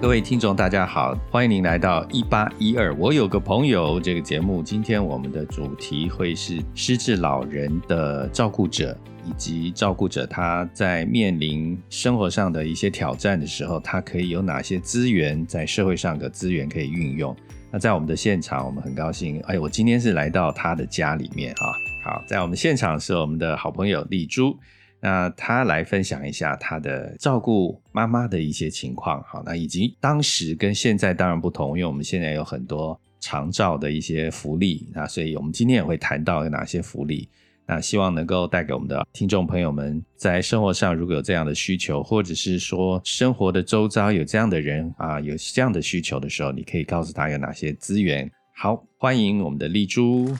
各位聽眾，大家好，歡迎您來到一八一二。我有個朋友。這個節目今天我們的主題會是失智老人的照顧者，以及照顧者他在面臨生活上的一些挑戰的時候，他可以有哪些資源，在社會上的資源可以運用。那在我們的現場，我們很高興，哎，我今天是來到他的家裡面啊。好，在我們現場是我們的好朋友麗珠。那他來分享一下他的照顧媽媽的一些情況，好，那以及當時跟現在當然不同，因為我們現在有很多長照的一些福利，那所以我們今天也會談到有哪些福利。那希望能夠帶給我們的聽眾朋友們，在生活上如果有這樣的需求，或者是說生活的周遭有這樣的人啊，有這樣的需求的時候，你可以告訴他有哪些資源。好，歡迎我們的麗珠。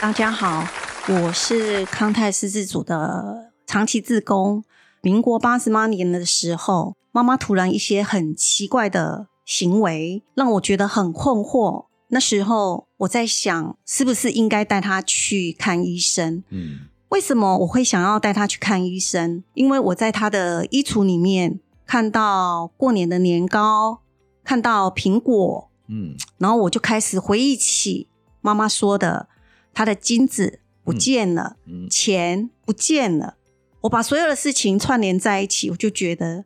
大家好，我是康泰失智組的長期志工。民國八十八年的時候，媽媽突然一些很奇怪的行為，讓我覺得很困惑。那時候我在想，是不是應該帶她去看醫生？嗯，為什麼我會想要帶她去看醫生？因為我在她的衣櫥裡面看到過年的年糕，看到蘋果，嗯，然後我就開始回憶起媽媽說的，她的金子不見了，嗯嗯，錢不見了。我把所有的事情串聯在一起，我就覺得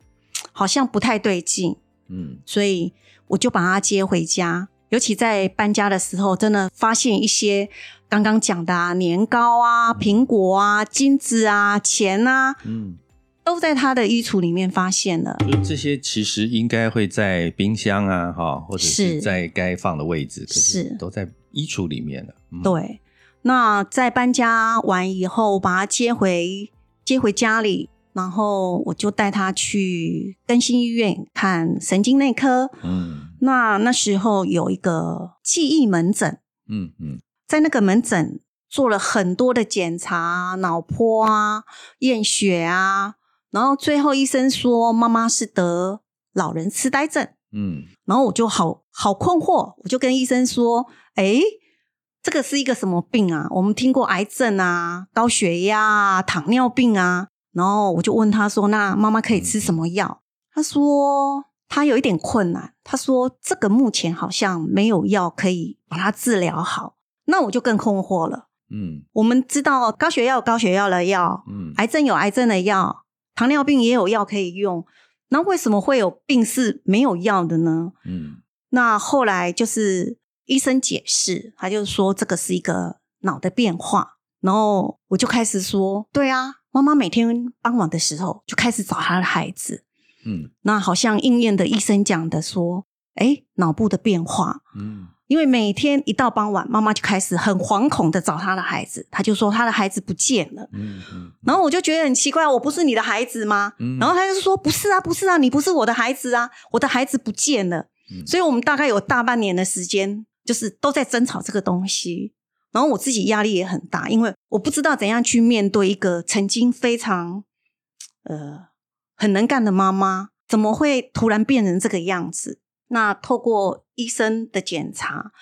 好像不太對勁，嗯，所以我就把他接回家。尤其在搬家的時候，真的發現一些剛剛講的啊，年糕啊、蘋果啊、金子啊、錢啊，嗯，都在他的衣櫥裡面發現了。所以這些其實應該會在冰箱啊，哈，或者是在該放的位置，是，可是都在衣櫥裡面了。嗯、對，那在搬家完以後，我把他接回。接回家裡，然後我就帶他去更新醫院看神經內科。嗯，那那時候有一個記憶門診。嗯嗯，在那個門診做了很多的檢查，腦波啊、驗血啊，然後最後醫生說媽媽是得老人癡呆症。嗯，然後我就好好困惑，我就跟醫生說：“哎。”這個是一個什麼病啊？我們聽過癌症啊、高血壓啊、糖尿病啊，然後我就問他說：“那媽媽可以吃什麼藥？”他、嗯、說他有一點困難。他說這個目前好像沒有藥可以把它治療好。那我就更困惑了。嗯，我們知道高血壓有高血壓的藥，嗯、癌症有癌症的藥，糖尿病也有藥可以用。那為什麼會有病是沒有藥的呢？嗯，那後來就是。醫生解釋，他就說這個是一個腦的變化，然後我就開始說，對啊，媽媽每天傍晚的時候就開始找她的孩子，嗯，那好像應驗的醫生講的說，欸，腦部的變化，嗯，因為每天一到傍晚，媽媽就開始很惶恐的找她的孩子，他就說他的孩子不見了，嗯，然後我就覺得很奇怪，我不是你的孩子嗎？然後他就說不是啊，不是啊，你不是我的孩子啊，我的孩子不見了，所以我們大概有大半年的時間。就是都在爭吵這個東西，然後我自己壓力也很大，因為我不知道怎樣去面對一個曾經非常呃很能幹的媽媽，怎麼會突然變成這個樣子？那透過醫生的檢查，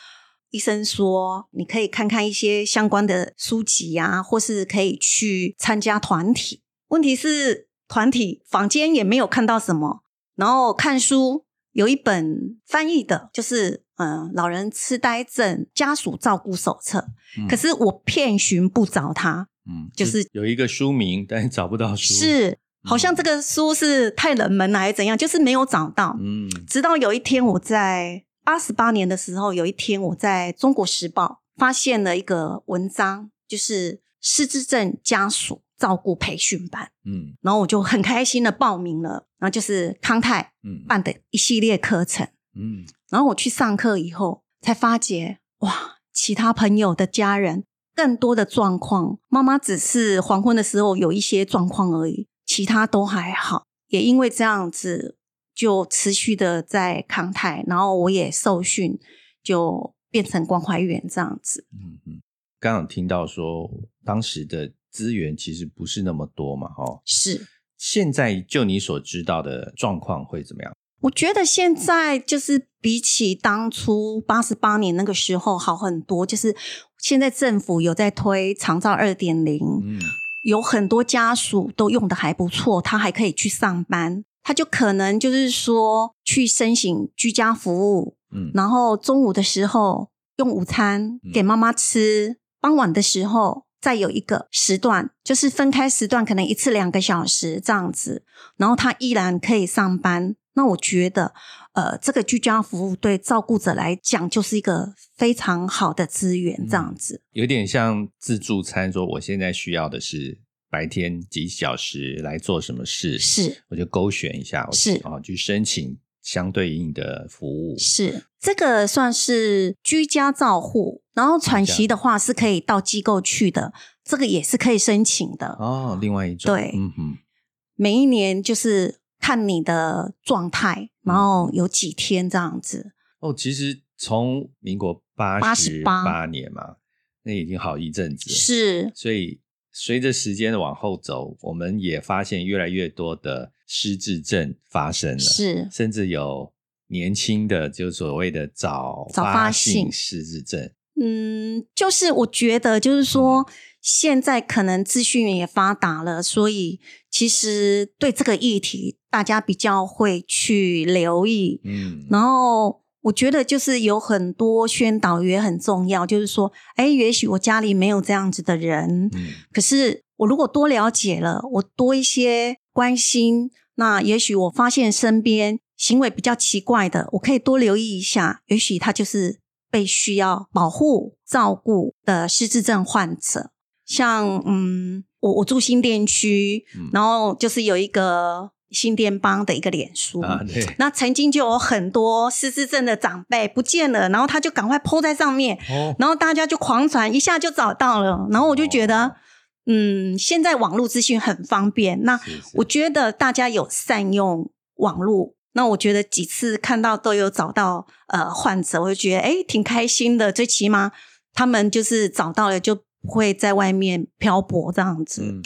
醫生說你可以看看一些相關的書籍啊，或是可以去參加團體。問題是團體坊間也沒有看到什麼，然後看書有一本翻譯的，就是。嗯、呃，老人痴呆症家屬照顧手冊，嗯、可是我遍尋不着它。嗯，就是，是有一個書名，但是找不到書。是，好像這個書是太冷門了，嗯、還是怎樣？就是沒有找到。嗯，直到有一天，我在八十八年的時候，有一天我在我在《中國時報》發現了一個文章，就是失智症家屬照顧培訓班。嗯，然後我就很開心的報名了，然後就是康泰嗯辦的一系列課程。嗯嗯，然後我去上課以後，才發覺哇，其他朋友的家人更多的狀況，媽媽只是黃昏的時候有一些狀況而已，其他都還好。也因為這樣子，就持續的在康泰，然後我也受訓，就變成關懷員這樣子。嗯嗯，剛剛聽到說當時的資源其實不是那麼多嘛，哦，是，現在就你所知道的狀況會怎麼樣？我覺得現在就是比起當初八十八年那個時候好很多。就是現在政府有在推長照二點零，有很多家屬都用的還不錯，他還可以去上班，他就可能就是說去申請居家服務，嗯，然後中午的時候用午餐給媽媽吃，傍晚的時候再有一個時段，就是分開時段，可能一次兩個小時這樣子，然後他依然可以上班。那我覺得，呃，這個居家服務對照顧者來講就是一個非常好的資源，這樣子。有點像自助餐，說我現在需要的是白天幾小時來做什麼事，是，我就勾選一下，是啊，去、哦、申請相對應的服務。是，這個算是居家照護，然後喘息的話是可以到機構去的，這個也是可以申請的。哦，另外一種，對，嗯哼，每一年就是。看你的狀態，然後有幾天這樣子。嗯、哦，其實從民國八十八年嘛，那已經好一陣子了。是，所以隨着時間的往後走，我們也發現越來越多的失智症發生了，是，甚至有年輕的，就所謂的早發性失智症。嗯，就是我覺得，就是說，現在可能資訊也發達了，所以其實對這個議題。大家比較會去留意，嗯，然後我覺得就是有很多宣導也很重要，就是說，哎，也許我家裡沒有這樣子的人，嗯，可是我如果多了解了，我多一些關心，那也許我發現身邊行為比較奇怪的，我可以多留意一下，也許他就是被需要保護、照顧的失智症患者，像，嗯，我我住新店區，嗯、然後就是有一個。新店幫的一個臉書，啊、那曾經就有很多失智症的長輩不見了，然後他就趕快 PO 在上面，哦、然後大家就狂傳，一下就找到了。然後我就覺得，哦、嗯，現在網絡資訊很方便。那我覺得大家有善用網絡，是是，那我覺得幾次看到都有找到呃患者，我就覺得哎，挺開心的。最起碼他們就是找到了，就不會在外面漂泊這樣子。嗯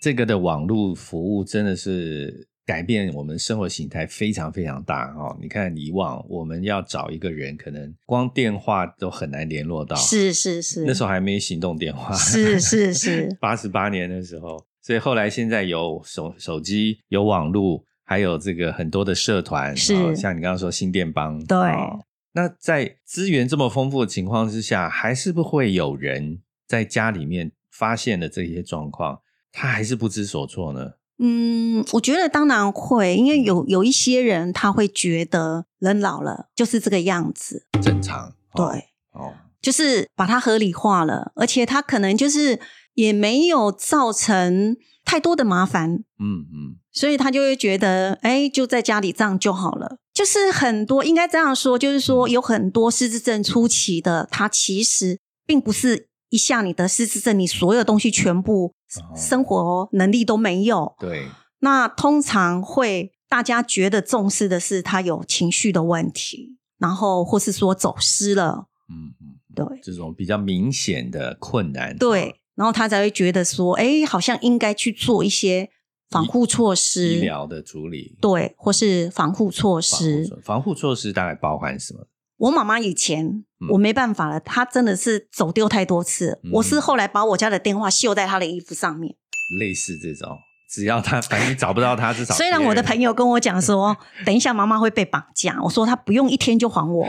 這個的網絡服務真的是改變我們生活形態非常非常大，哦、你看，以往我們要找一個人，可能光電話都很難聯絡到。是是是，那時候還沒行動電話。是是是，八十八年的時候，所以後來現在有手手機、有網絡，還有這個很多的社團，是、哦、像你剛剛說新電幫。對、哦，那在資源這麼豐富的情況之下，還是不會有人在家裡面發現了這些狀況。他還是不知所措呢。嗯，我覺得當然會，因為有有一些人他會覺得人老了就是這個樣子，正常。哦、對，哦，就是把它合理化了，而且他可能就是也沒有造成太多的麻煩。嗯嗯，嗯所以他就會覺得，哎、欸，就在家裡這樣就好了。就是很多應該這樣說，就是說有很多失智症初期的，他其實並不是一下你得失智症，你所有東西全部。生活能力都沒有，哦、對，那通常會大家覺得重視的是他有情緒的問題，然後或是說走失了，嗯嗯，嗯對，這種比較明顯的困難，對，嗯、對，然後他才會覺得說，哎，好像應該去做一些防護措施，醫療的處理，對，或是防護措施防護措，防護措施大概包含什麼？我媽媽以前，我沒辦法了，她、嗯、真的是走丟太多次。嗯、我是後來把我家的電話繡在她的衣服上面，類似這種，只要她反正找不到她，至少雖然我的朋友跟我講說， 等一下媽媽會被綁架，我說她不用一天就還我。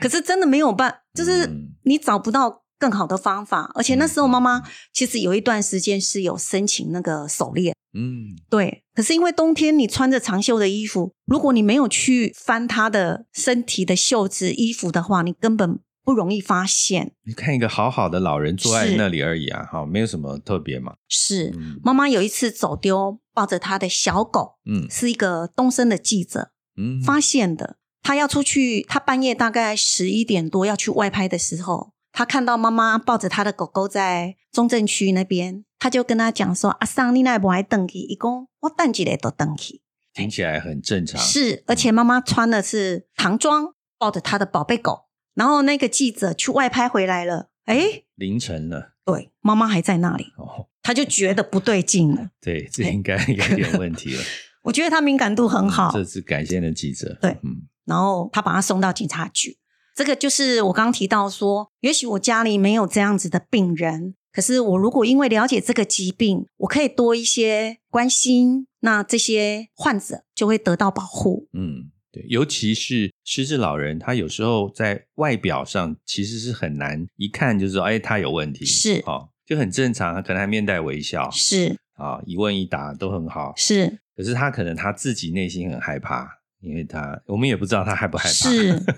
可是真的沒有辦，就是你找不到更好的方法，而且那時候媽媽其實有一段時間是有申請那個手鏈。嗯，對。可是因為冬天，你穿着長袖的衣服，如果你沒有去翻他的身體的袖子衣服的話，你根本不容易發現。你看一個好好的老人坐在那裡而已啊，哈是，沒有什麼特別嘛。是、嗯、媽媽有一次走丟，抱着他的小狗，嗯，是一個東森的記者，嗯哼，發現的。他要出去，他半夜大概十一點多要去外拍的時候，他看到媽媽抱着他的狗狗在中正區那邊。他就跟他講說：“阿桑你來，你那不波還登記？等一共我登記的都登記。”聽起來很正常。是，嗯、而且媽媽穿的是唐裝，抱着她的寶貝狗，然後那個記者去外拍回來了。哎，凌晨了。對，媽媽還在那裡。哦，他就覺得不對勁了。對，這應該，應該有點問題了。 我覺得他敏感度很好。嗯、這是感謝的記者。對，嗯。然後他把他送到警察局。這個就是我剛提到說，也許我家裡沒有這樣子的病人。可是我如果因為了解這個疾病，我可以多一些關心，那這些患者就會得到保護。嗯，對，尤其是失智老人，他有時候在外表上其實是很難一看，就是說，哎，他有問題。是。哦，就很正常，可能還面帶微笑。是啊。哦，一問一答都很好。是。可是他可能他自己內心很害怕，因為他我們也不知道他害不害怕。是。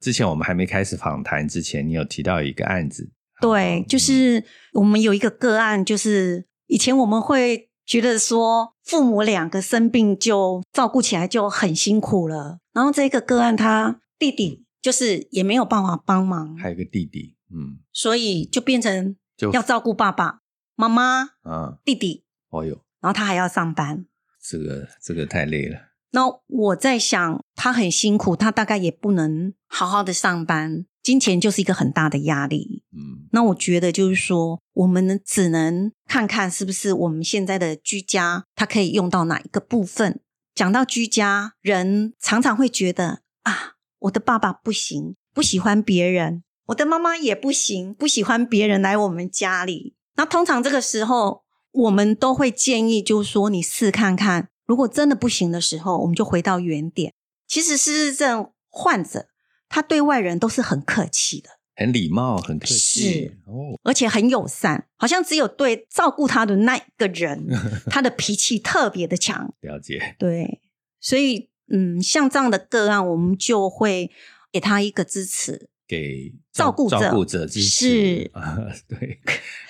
之前我們還沒開始訪談之前，你有提到一個案子。對，就是我們有一個個案，就是以前我們會覺得說父母兩個生病就照顧起來就很辛苦了。然後這個個案，他弟弟就是也沒有辦法幫忙，還有個弟弟，嗯，所以就變成要照顧爸爸就媽媽、啊、弟弟。哦呦，然後他還要上班，這個這個太累了。那我在想，他很辛苦，他大概也不能好好的上班。金錢就是一個很大的壓力，嗯，那我覺得就是說，我們只能看看是不是我們現在的居家，它可以用到哪一個部分。講到居家，人常常會覺得啊，我的爸爸不行，不喜歡別人；我的媽媽也不行，不喜歡別人來我們家裡。那通常這個時候，我們都會建議，就是說，你試看看，如果真的不行的時候，我們就回到原點。其實，是這種患者。他對外人都是很客氣的，很禮貌，很客氣，是、哦、而且很友善，好像只有對照顧他的那一個人， 他的脾氣特別的強。了解，對，所以嗯，像這樣的個案，我們就會給他一個支持，給照顧者支持是、啊、對，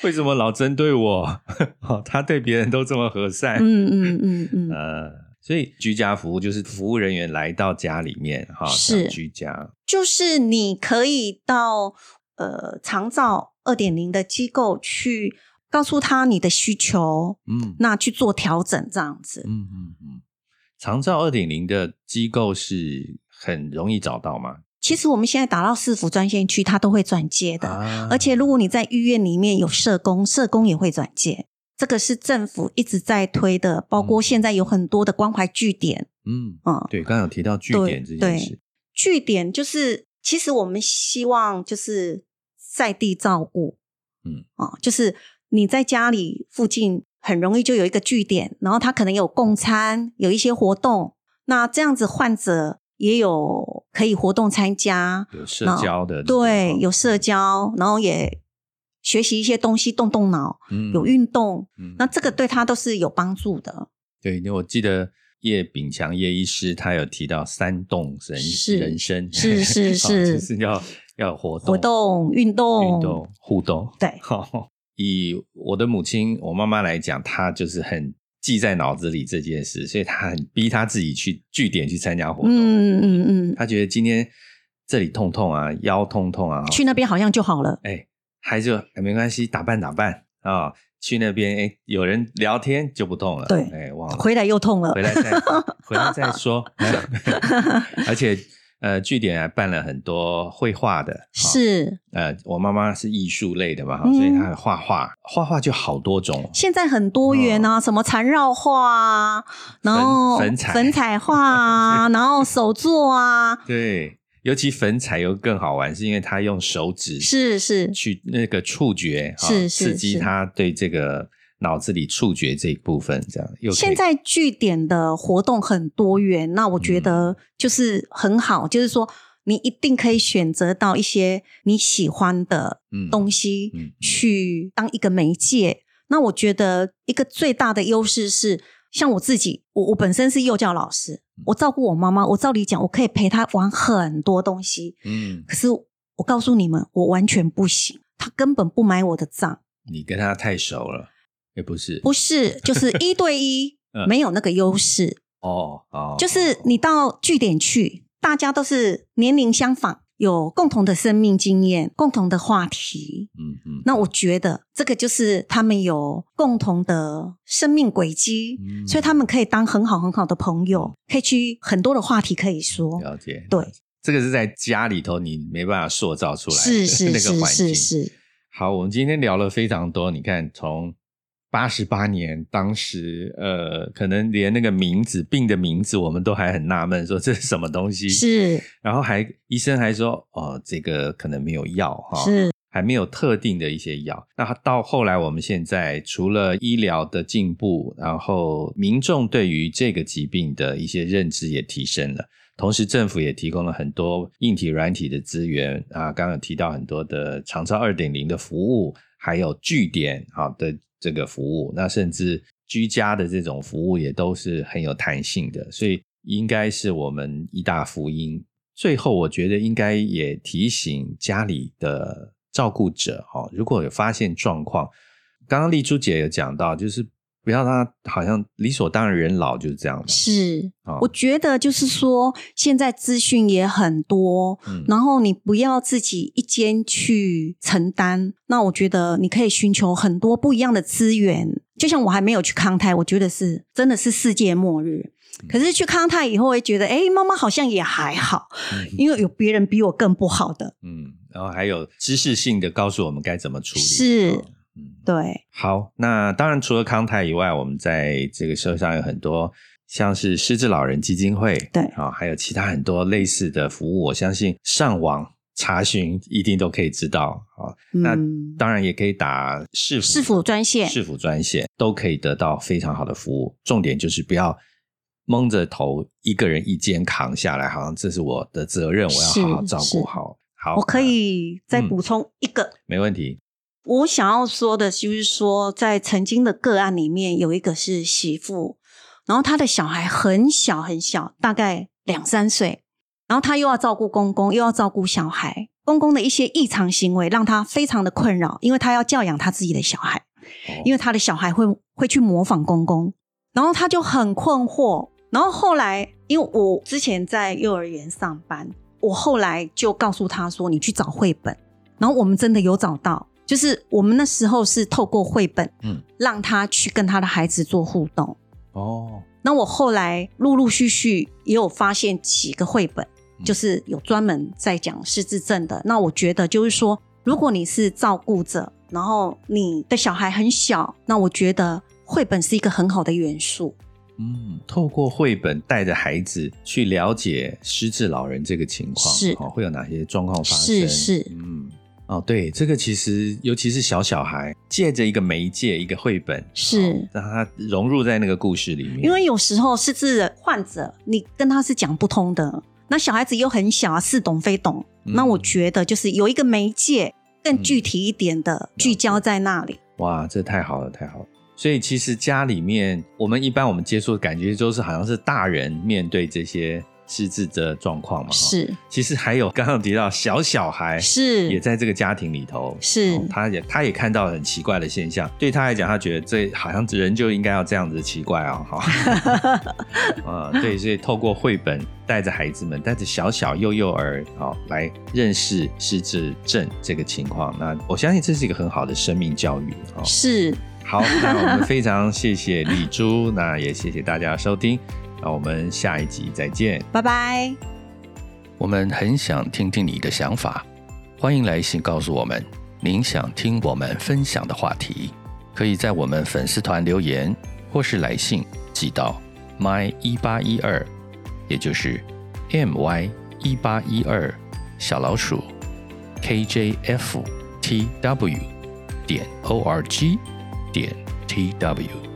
為什麼老針對我、哦？他對別人都這麼和善，嗯嗯嗯嗯，呃、嗯。嗯嗯啊所以居家服務就是服務人員來到家裡面哈，是居家，就是你可以到呃長照二點零的機構去告訴他你的需求，嗯，那去做調整這樣子，嗯嗯嗯，長照二點零的機構是很容易找到嗎？其實我們現在打到市府專線去，它都會轉接的，啊、而且如果你在醫院裡面有社工，社工也會轉接。這個是政府一直在推的，嗯、包括現在有很多的關懷據點。嗯嗯，嗯對，剛剛有提到據點這件事對對。據點就是，其實我們希望就是在地照顧。嗯啊、嗯，就是你在家裡附近很容易就有一個據點，然後他可能有共餐，有一些活動。那這樣子患者也有可以活動參加，有社交的，對，有社交，然後也。學習一些東西，動動腦，有運動，嗯嗯、那這個對他都是有幫助的。對，因為我記得葉炳強葉醫師他有提到三動人是人生是是是、 就是要要活動活動運動運動互動。對，以我的母親我媽媽來講，她就是很記在腦子裡這件事，所以她很逼他自己去據點去參加活動。嗯嗯嗯，他、嗯嗯、覺得今天這裡痛痛啊，腰痛痛啊，去那邊好像就好了。欸還是、欸、沒關係，打扮打扮啊、哦，去那邊誒、欸，有人聊天就不痛了。對，哎、欸，忘了回來又痛了， 回來再，回來再說。 啊、而且，呃，據點還辦了很多繪畫的，哦、是呃，我媽媽是藝術類的嘛，嗯、所以她畫畫，畫畫就好多種，現在很多元啊，哦、什麼纏繞畫啊，然後粉，粉彩畫啊，然後手作啊，對。尤其粉彩又更好玩，是因為他用手指是、是去那個觸覺，是刺激他對這個腦子裡觸覺這一部分，這樣。又現在據點的活動很多元，那我覺得就是很好，嗯、就是說你一定可以選擇到一些你喜歡的東西去當一個媒介。嗯嗯、那我覺得一個最大的優勢是，像我自己，我我本身是幼教老師。我照顧我媽媽，我照理講我可以陪她玩很多東西，嗯，可是我告訴你們，我完全不行，她根本不買我的賬。你跟她太熟了，也、哎，不是，不是，就是一對一、 嗯、沒有那個優勢哦，哦、嗯，oh, okay. 就是你到據點去，大家都是年齡相仿。有共同的生命經驗，共同的話題，嗯嗯，嗯那我覺得這個就是他們有共同的生命軌跡，嗯、所以他們可以當很好很好的朋友，嗯、可以去很多的話題可以說。了解，對，這個是在家裡頭你沒辦法塑造出來的是，是是是是是。那個環境，是是是好，我們今天聊了非常多，你看從。八十八年，當時呃，可能連那個名字病的名字，我們都還很納悶，說這是什麼東西？是。然後還醫生還說，哦，這個可能沒有藥哈，哦、是還沒有特定的一些藥。那到後來，我們現在除了醫療的進步，然後民眾對於這個疾病的一些認知也提升了，同時政府也提供了很多硬體軟體的資源啊，剛剛有提到很多的長照二點零的服務，還有據點好、哦、的。這個服務，那甚至居家的這種服務也都是很有彈性的，所以應該是我們一大福音。最後，我覺得應該也提醒家裡的照顧者哦，如果有發現狀況，剛剛麗珠姐有講到，就是。不要讓他好像理所當然，人老就是這樣子。是，哦、我覺得就是說，現在資訊也很多，嗯、然後你不要自己一肩去承擔。嗯、那我覺得你可以尋求很多不一樣的資源。就像我還沒有去康泰，我覺得是真的是世界末日。嗯、可是去康泰以後，會覺得，哎、欸，媽媽好像也還好，嗯、因為有別人比我更不好的。嗯，然後還有知識性的告訴我們該怎麼處理。是。對，好，那當然除了康泰以外，我們在這個社會上有很多，像是失智老人基金會，對啊，還有其他很多類似的服務，我相信上網查詢一定都可以知道啊。嗯、那當然也可以打市府，市府專線，市府專線都可以得到非常好的服務。重點就是不要蒙着頭一個人一肩扛下來，好像這是我的責任，我要好好照顧好。好，我可以再補充一個，嗯、沒問題。我想要說的是就是說，在曾經的個案裡面，有一個是媳婦，然後她的小孩很小很小，大概兩三歲，然後她又要照顧公公，又要照顧小孩，公公的一些異常行為讓她非常的困擾，因為她要教養她自己的小孩，因為她的小孩會會去模仿公公，然後她就很困惑，然後後來因為我之前在幼兒園上班，我後來就告訴她說：“你去找繪本。”然後我們真的有找到。就是我們那時候是透過繪本，嗯，讓他去跟他的孩子做互動。哦、嗯，那我後來陸陸續續也有發現幾個繪本，嗯、就是有專門在講失智症的。那我覺得就是說，如果你是照顧者，然後你的小孩很小，那我覺得繪本是一個很好的元素。嗯，透過繪本帶着孩子去了解失智老人這個情況是會有哪些狀況發生？是，是，嗯。哦，對，這個其實尤其是小小孩，借着一個媒介，一個繪本，是讓他融入在那個故事裡面。因為有時候是，是患者，你跟他是講不通的。那小孩子又很小啊，似懂非懂。嗯、那我覺得就是有一個媒介，更具體一點的聚焦在那裡，嗯。哇，這太好了，太好了。所以其實家裡面，我們一般我們接觸的感覺就是好像是大人面對這些。失智的狀況嘛，是，其實還有剛剛提到小小孩，是，也在這個家庭裡頭，是、哦，他也他也看到很奇怪的現象，對他來講，他覺得這好像人就應該要這樣子奇怪啊、哦，哈，啊、 嗯，對，所以透過繪本帶着孩子們，帶着小小幼幼兒，好、哦、來認識失智症這個情況，那我相信這是一個很好的生命教育啊，哦、是，好，那我們非常謝謝麗珠，那也謝謝大家的收聽。那我們下一集再見，拜拜 bye。我們很想聽聽你的想法，歡迎來信告訴我們您想聽我們分享的話題，可以在我們粉絲團留言或是來信寄到 my 一八一二，也就是 my 一八一二小老鼠 k j f t w 點 o r g 點 t w。